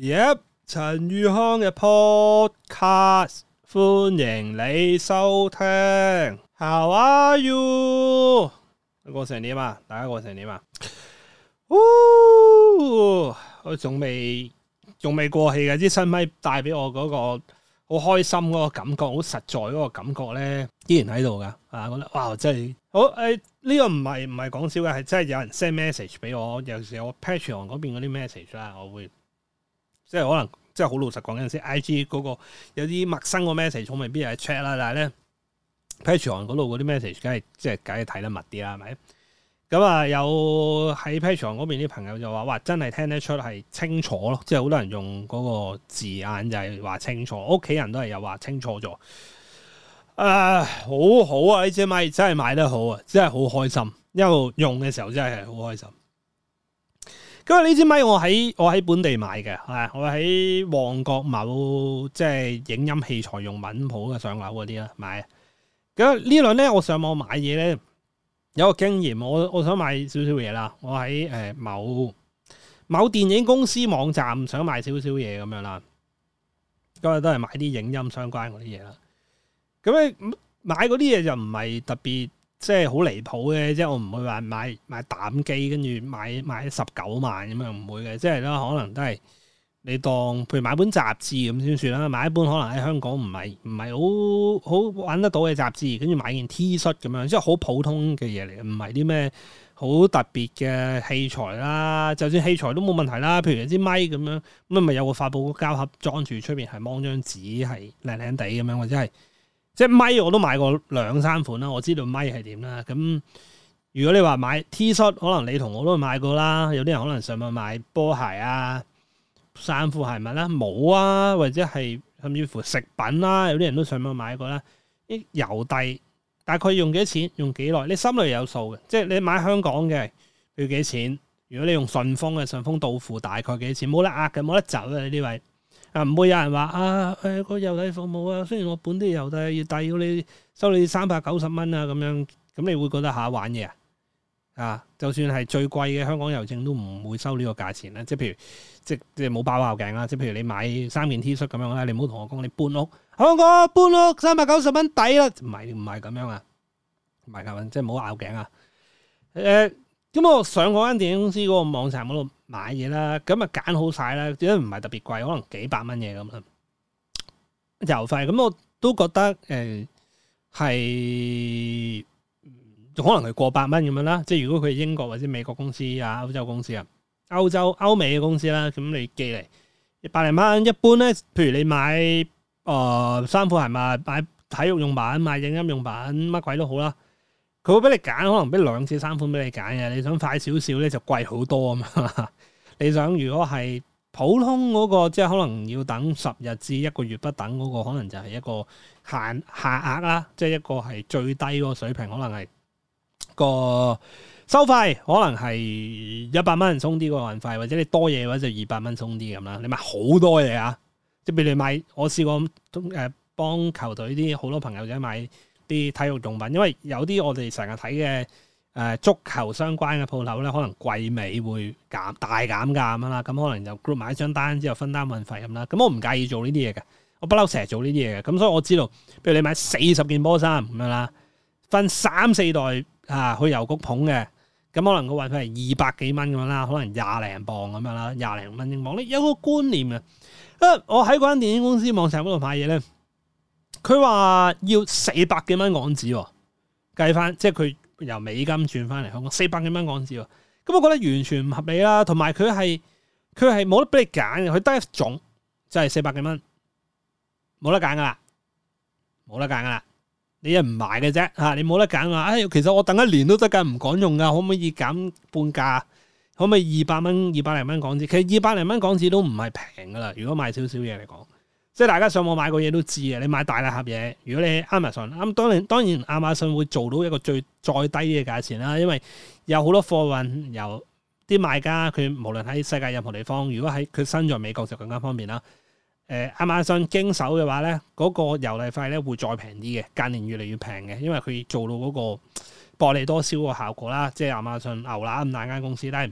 Yep，陳宇康嘅 podcast，歡迎你收聽。How are you？過成點啊？大家過成點啊？哦，我仲未仲未過氣嘅啲新咪帶俾我嗰個好開心嗰個感覺，好實在嗰個感覺咧，依然喺度噶。啊，覺得哇，真係好誒！呢、呃這個唔係唔係講笑嘅，係真係有人 send message 俾我，有時我 Patreon 嗰邊嗰啲 message 啦，我會。即係可能，即係好老實講、 嗯，有陣時 I G 嗰個有啲陌生個 message，我未必係 check 啦。但係咧，Patrick 王嗰度嗰啲 message，梗係即係梗係睇得密啲啦，係咪？咁啊，有喺 Patrick 王嗰邊啲朋友就話，哇，真係聽得出係清楚咯！即係好多人用嗰個字眼就係話清楚，屋企人都係又話清楚咗。啊、呃，好好啊！呢隻咪真係買得好啊，真係好開心。又用嘅時候真係好開心。因為呢支咪我喺我喺本地買嘅，係我喺旺角某即係影音器材用品鋪嘅上樓嗰啲啦買。咁呢兩咧我上網買嘢咧，有個經驗，我我想買少少嘢啦，我喺誒、欸、某某電影公司網站想買少少嘢咁樣啦。今日都係買啲影音相關嗰啲嘢啦。咁你買嗰啲嘢就唔係特別，即係好離譜嘅，即係我唔會話買買膽機，跟住買買十九萬咁樣唔會嘅，即係啦，可能都係你當，譬如買本雜誌咁先算啦，買一本可能喺香港唔係唔係好好揾得到嘅雜誌，跟住買件 T 恤咁樣，即係好普通嘅嘢嚟，唔係啲咩好特別嘅器材啦。就算器材都冇問題啦，譬如有支咪咁樣，咁咪有個發泡膠盒裝住出邊，係掹張紙係靚靚地咁樣，或者係。即係咪我都買過兩三款啦，我知道咪係點啦。咁如果你話買 T-shirt，可能你同我都買過啦。有啲人可能上網買波鞋啊、衫褲鞋襪啦、啊、帽啊，或者係甚至乎食品啦、啊，有啲人都上網買過啦。啲郵遞大概用幾多錢？用幾耐？你心裏有數嘅。即係你買香港嘅要幾錢？如果你用順豐嘅順豐到付，大概幾錢？冇得呃嘅，冇得走嘅呢位。啊，唔會有人話啊，誒個郵遞服務啊，雖然我本地郵遞要，但要你收你三百九十蚊啊，咁樣咁你會覺得下玩嘢啊？啊！就算係最貴嘅香港郵政都唔會收呢個價錢咧，即係譬如即即冇包拗頸啊。即係譬如你買三件 T 恤咁樣啦，你唔好同我講你搬屋，香港搬屋三百九十蚊抵啦，唔係唔係咁樣啊，唔係咁，即係冇拗頸啊！誒、啊，咁我上嗰間電影公司嗰個網站度。買嘢啦，咁啊揀好晒啦，只唔係特別貴，可能幾百蚊嘢咁啦。郵費咁我都覺得誒係、呃，可能係過百蚊咁樣啦。即係如果佢英國或者美國公司啊，歐洲公司啊，歐洲歐美嘅公司啦，咁你寄嚟百零蚊，一般咧，譬如你買誒衫褲鞋襪，買體育用品，買影音用品，乜鬼都好啦。佢會俾你揀，可能俾兩至三款俾你揀嘅。你想快少少咧，就貴好多啊嘛。 你想如果係普通嗰個，即係可能要等十日至一個月不等嗰個，可能就係一個下限額啦，即係一個係最低個水平，可能係個收費可能係一百蚊人鬆啲個運費，或者你多嘢嘅話就二百蚊鬆啲咁啦。你買好多嘢啊，即係譬如你買我試過咁誒幫球隊啲好多朋友仔買。啲體育用品，因為有啲我哋成日睇嘅誒足球相關嘅鋪頭咧，可能季尾會減大減價咁啦，咁可能就 group 埋一張單之後分擔運費咁啦，咁我唔介意做呢啲嘢嘅，我不嬲成日做呢啲嘢嘅，咁所以我知道，譬如你買四十件波衫咁樣啦，分三四袋啊去郵局捧嘅，咁可能個運費係二百幾蚊咁樣啦，可能廿零磅咁樣啦，廿零蚊一磅，你有個觀念呀。我喺嗰間電影公司網上嗰度買嘢咧。佢話要四百幾蚊港紙計翻，即係佢由美金轉翻嚟香港四百幾蚊港紙，咁我覺得完全唔合理啦。同埋佢係佢係冇得俾你揀嘅，佢得一種就係四百幾蚊，冇得揀噶啦，冇得揀噶啦。你又唔買嘅啫嚇，你冇得揀啊！唉、哎，其實我等一年都得嘅，唔講用噶，可唔可以減半價？可唔可以二百蚊、二百零蚊港紙？其實二百零蚊港紙都唔係平噶啦，如果買少少嘢嚟講。即係大家上網買過嘢都知嘅，你買大禮盒嘢，如果你喺亞馬遜，咁當然當然亞馬遜會做到一個最再低嘅價錢啦，因為有好多貨運由啲賣家，佢無論喺世界任何地方，如果喺佢身在美國就更加方便啦。誒亞馬遜經手嘅話咧，嗰、那個郵遞費咧會再平啲嘅，近年越嚟越平嘅，因為佢做到嗰個薄利多銷嘅效果啦。即係亞馬遜牛乸咁大間公司咧。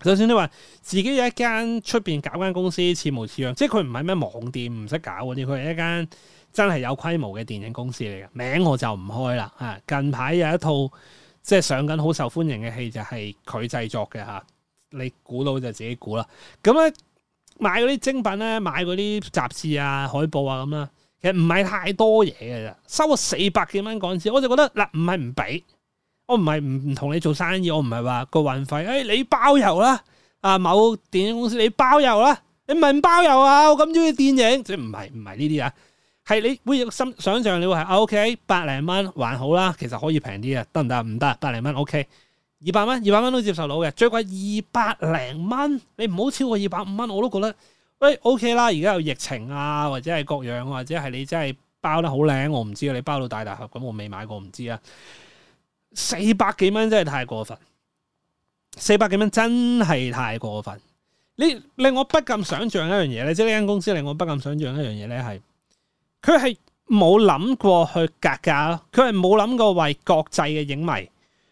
就算你話自己有一間出面搞間公司似模似樣，即係佢唔係咩網店，唔識搞啲，佢係一間真係有規模嘅電影公司嚟嘅。名我就唔開啦嚇。近排有一套即係上緊好受歡迎嘅戲就係佢製作嘅嚇，你估到就自己估啦。咁咧買嗰啲精品咧，買嗰啲雜誌啊、海報啊咁啦，其實唔係太多嘢嘅啫，收咗四百幾蚊港紙，我就覺得，嗱，唔係唔俾。不我唔係唔唔同你做生意，我唔係話個運費，誒、哎、你包郵啦，啊某電影公司你包郵啦，你唔係唔包郵啊？我咁中意電影，即唔係唔係呢啲啊？係你會有心想象你會係 O K，百零蚊還好啦，其實可以平啲啊，得唔得？唔得，百零蚊 O K，二百蚊二百蚊都接受到嘅，最貴二百零蚊，你唔好超過二百五蚊，我都覺得，喂 O K 啦。而家有疫情啊，或者係各樣，或者係你真係包得好靚，我唔知你包到大大盒咁，我未買過，唔知啊。四百幾蚊真係太過分，四百幾蚊真係太過分。你令我不禁想象一樣嘢咧，即係呢間公司令我不禁想象一樣嘢咧，係佢係冇諗過去格價咯，佢係冇諗過為國際嘅影迷，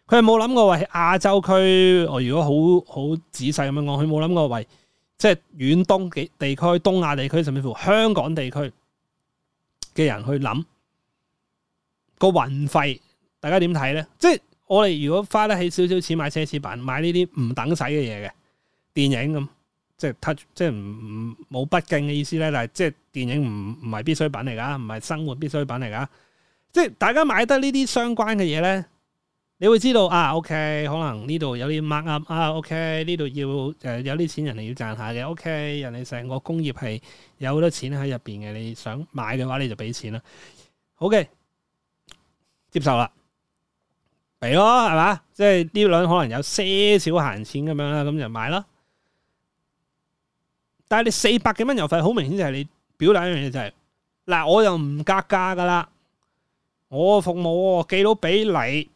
佢係冇諗過為亞洲區，我如果好好仔細咁樣講，佢冇諗過為即係遠東幾地區、東亞地區甚至乎香港地區嘅人去諗個運費運費大家點睇咧？即係我哋如果花得起少少錢買奢侈品，買呢啲唔等使嘅嘢嘅電影咁，即係 touch，即係唔唔冇不敬嘅意思咧。但係即係電影唔唔係必需品嚟噶，唔係生活必需品嚟噶。即係大家買得呢啲相關嘅嘢咧，你會知道啊。OK，可能呢度有啲 mark up，啊。啊，OK，呢度要誒有啲錢人哋要賺下嘅。OK，人哋成個工業係有好多錢喺入邊嘅。你想買嘅話，你就俾錢啦。OK，接受啦。俾咯，係嘛？即係呢輪，可能有些少閒錢咁樣啦，咁就買咯。但係你四百幾蚊郵費，好明顯就係你表達一樣嘢，就係嗱，我又唔加價噶啦，我服務寄到俾你，誒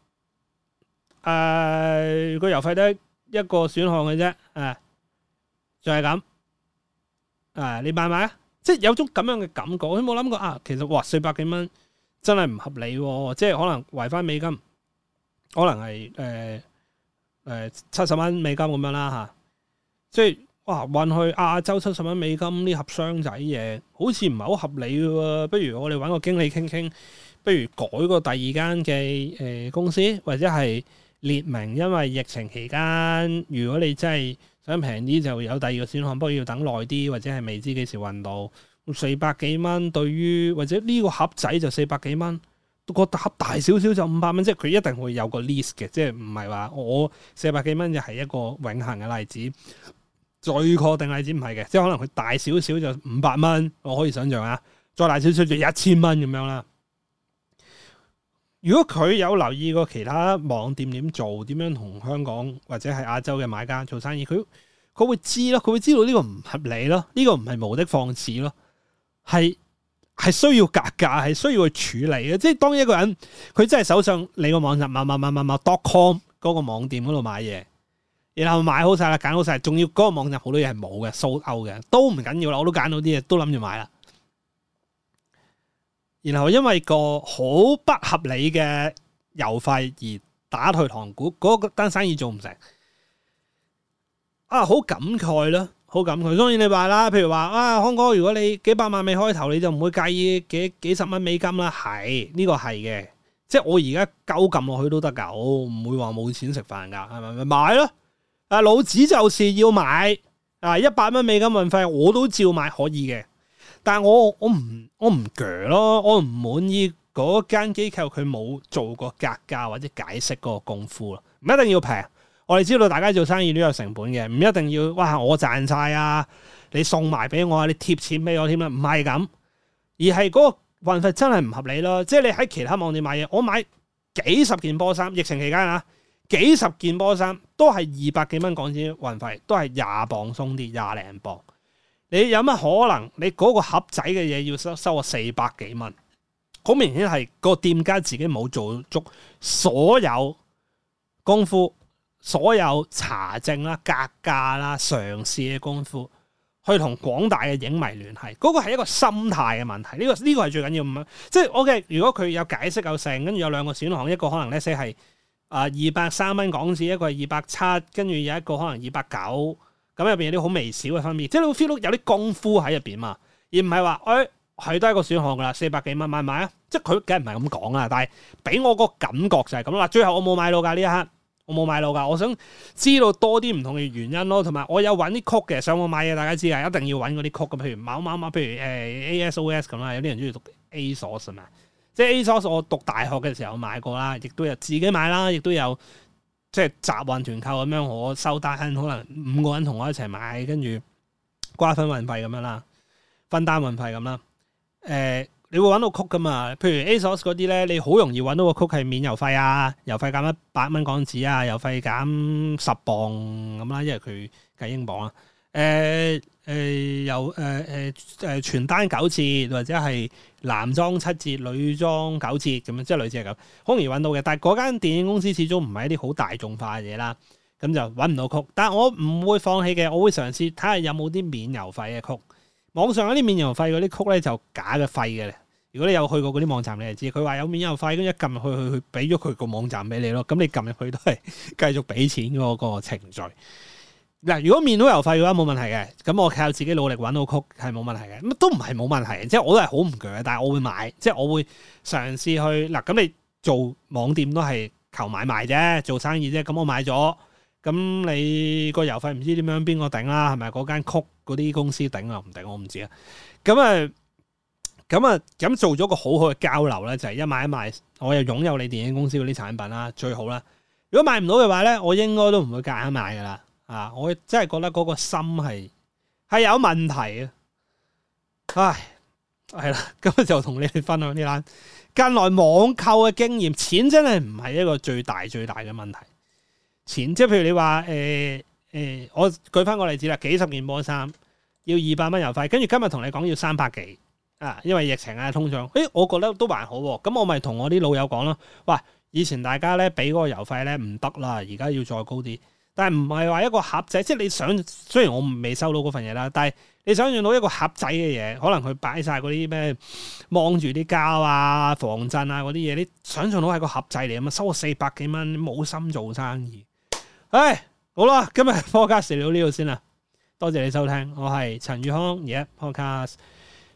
個郵費都一個選項嘅啫，誒，就係咁。誒，你買唔買啊？即係有種咁樣嘅感覺，你冇諗過啊，其實哇，四百幾蚊真係唔合理，即係可能為翻美金。可能係誒誒七十蚊美金咁樣啦嚇，即係哇運去亞洲七十蚊美金呢盒箱仔嘢，好似唔係好合理喎。不如我哋揾個經理傾傾，不如改個第二間嘅誒、呃、公司，或者係列明，因為疫情期間，如果你真係想平啲，就有第二個選項，不過要等耐啲，或者係未知幾時運到，四百幾蚊對於，或者呢個盒仔就四百幾蚊。個盒大少少就五百蚊，即係佢一定會有個 list 嘅，即係唔係話我四百幾蚊就係一個永恒嘅例子。最確定例子唔係嘅，即係可能佢大少少就五百蚊，我可以想象啊，再大少少就一千蚊咁樣啦。如果佢有留意過其他網店點做，點樣同香港或者係亞洲嘅買家做生意，佢佢會知咯，佢會知道呢個唔合理咯，呢、呢個唔係無的放矢咯，係。係需要格價，係需要去處理嘅。即係當一個人佢真係手上你網網、就是、個網站，萬萬萬萬萬 dotcom 嗰個網店嗰度買嘢，然後買好晒啦，揀好晒，仲要嗰個網站好多嘢係冇嘅，搜購嘅都唔緊要啦。我都揀到啲嘢，都諗住買啦。然後因為個好不合理嘅郵費而打退堂鼓，嗰、那個單生意做唔成。啊，好感慨啦～好感慨，當然你話啦，譬如話啊，康哥，如果你幾百萬未開頭，你就唔會介意幾幾十蚊美金啦。係呢個係嘅，即係我而家鳩撳落去都得㗎，我唔會話冇錢食飯㗎，係咪咪買咯？啊，老子就是要買啊！一百蚊美金運費我都照買可以嘅，但係我我唔我唔鋸咯，我唔滿意嗰間機構佢冇做過格價或者解釋嗰個功夫咯，唔一定要平。我哋知道大家做生意都有成本嘅，唔一定要哇我賺晒啊！你送埋俾我啊，你貼錢俾我添啊！唔係咁，而係嗰個運費真係唔合理咯。即係你喺其他網店買嘢，我買幾十件波衫，疫情期間啊，幾十件波衫都係二百幾蚊港紙運費，都係廿磅鬆啲，廿零磅。你有乜可能你嗰個盒仔嘅嘢要收收我四百幾蚊？好明顯係個店家自己冇做足所有功夫。所有查證啦、格價啦、嘗試嘅功夫，去同廣大嘅影迷聯繫，嗰個係一個心態嘅問題。呢個呢個係最緊要咁啊！即係 OK，如果佢有解釋夠成，跟住有兩個選項，一個可能咧寫係啊二百三蚊港紙，一個係二百七，跟住有一個可能二百九，咁入邊有啲好微小嘅分別，即係你 feel 到有啲功夫喺入邊嘛，而唔係話，哎，佢都係一個選項噶啦，四百幾蚊買唔買啊？即係佢梗係唔係咁講啦，但係俾我個感覺就係咁啦。最後我冇買到㗎呢一刻。冇買到噶，我想知道多啲唔同嘅原因咯，同埋我有揾啲曲嘅上網買嘅，大家知啊，一定要揾嗰啲曲嘅，譬如某某某，譬如誒、欸、A S O S 咁啦，有啲人中意讀 A source 啊嘛，即係 A source 我讀大學嘅時候買過啦，亦都有自己買啦，亦都有即係集運團購咁樣，我收單可能五個人同我一齊買，跟住瓜分運費咁樣啦，分擔運費咁啦，誒、欸。你會揾到曲噶嘛？譬如 ASOS 嗰啲咧，你好容易揾到個曲係免郵費啊，郵費減一百蚊港紙啊，郵費減十磅咁啦，因為佢計英鎊啊，誒誒又誒誒誒全單九折或者係男裝七折、女裝九折咁樣，即係類似係咁，好容易揾到嘅。但係嗰間電影公司始終唔係一啲好大眾化嘅嘢啦，咁就揾唔到曲。但係我唔會放棄嘅，我會嘗試睇下有冇啲免郵費嘅曲。網上有啲免郵費嗰啲曲咧，就假嘅廢嘅。如果你有去過嗰啲網站，你就知佢話有免郵費，咁一撳入去，佢佢俾咗佢個網站俾你咯。咁你撳入去都係繼續俾錢嗰個程序。嗱，如果免到郵費嘅話，冇問題嘅。咁我靠自己努力搵到曲係冇問題嘅。咁都唔係冇問題。即係我都係好唔鋸嘅，但係我會買，即係我會嘗試去嗱。咁你做網店都係求買賣啫，做生意啫。咁我買咗，咁你個郵費唔知點樣邊個頂啦、啊？係咪嗰間曲嗰啲公司頂啊？唔頂我唔知啊。咁啊。呃咁啊，咁做咗個好好嘅交流咧，就係、是、一買一賣，我又擁有你電影公司嗰啲產品啦，最好啦。如果買唔到嘅話咧，我應該都唔會夾硬買噶啦。啊，我真係覺得嗰個心係係有問題啊！唉，係啦，今日就同你哋分享呢單近來網購嘅經驗。錢真係唔係一個最大最大嘅問題。錢即係譬如你話誒誒，我舉翻個例子啦，幾十件波衫要二百蚊郵費，跟住今日同你講要三百幾。啊，因為疫情啊，通脹，誒，我覺得都還好喎、啊。咁我咪同我啲老友講啦。喂，以前大家咧俾嗰個油費咧唔得啦，而家要再高啲。但係唔係話一個盒仔，即係你想，雖然我未收到嗰份嘢啦，但係你想用到一個盒仔嘅嘢，可能佢擺晒嗰啲咩，望住啲膠啊、防震啊嗰啲嘢，你想象到係個盒仔嚟啊嘛？收我四百幾蚊，冇心做生意。唉，好啦，今日科 o d c 聊呢度先啦。多謝你收聽，我係陳宇康，而、yeah, Podcast。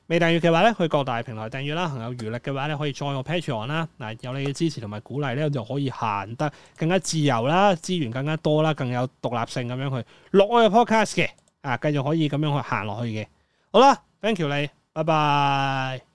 未訂閱嘅話咧，去各大平台訂閱啦。還有餘力嘅話咧，可以再用 Patreon 啦。嗱，有你嘅支持同埋鼓勵咧，就可以行得更加自由啦，資源更加多啦，更有獨立性咁樣去錄我嘅 podcast 嘅。啊，繼續可以咁樣去行落去嘅。好啦，thank you 你，拜拜。